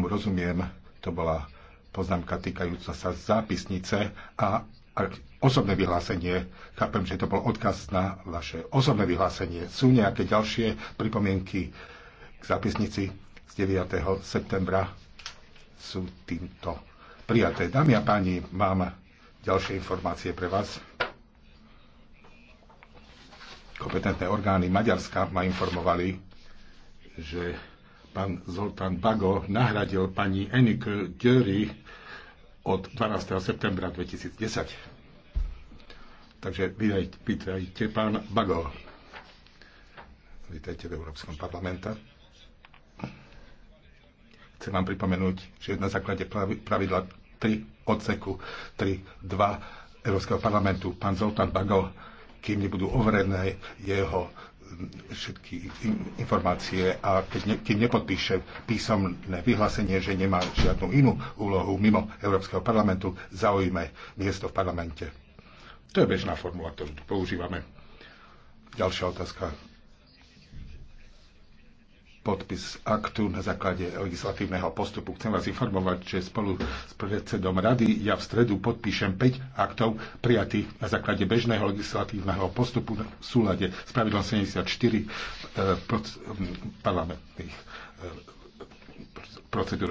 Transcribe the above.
tomu rozumiem, to bola poznámka týkajúca sa zápisnice a osobné vyhlásenie. Chápem, že to bol odkaz na vaše osobné vyhlásenie. Sú nejaké ďalšie pripomienky k zápisnici z 9. septembra? Sú týmto prijaté. Dámy a páni, mám ďalšie informácie pre vás. Kompetentné orgány Maďarska ma informovali, že pán Zoltán Bago nahradil pani Enike Dury od 12. septembra 2010. Takže vítajte, pán Bago. Vítajte v Európskom parlamente. Chcem vám pripomenúť, že na základe pravidla 3 odseku 3.2 Európskeho parlamentu pán Zoltán Bago, kým nebudú overené jeho všetky informácie a keď, ne, keď nepodpíše písomné vyhlásenie, že nemá žiadnu inú úlohu mimo Európskeho parlamentu, zaujme miesto v parlamente. To je bežná formula, ktorú tu používame. Ďalšia otázka podpis aktu na základe legislatívneho postupu. Chcem vás informovať, že spolu s predsedom rady ja v stredu podpíšem 5 aktov prijatých na základe bežného legislatívneho postupu v súlade s pravidlom 74 eh, parlamentných eh, procedúr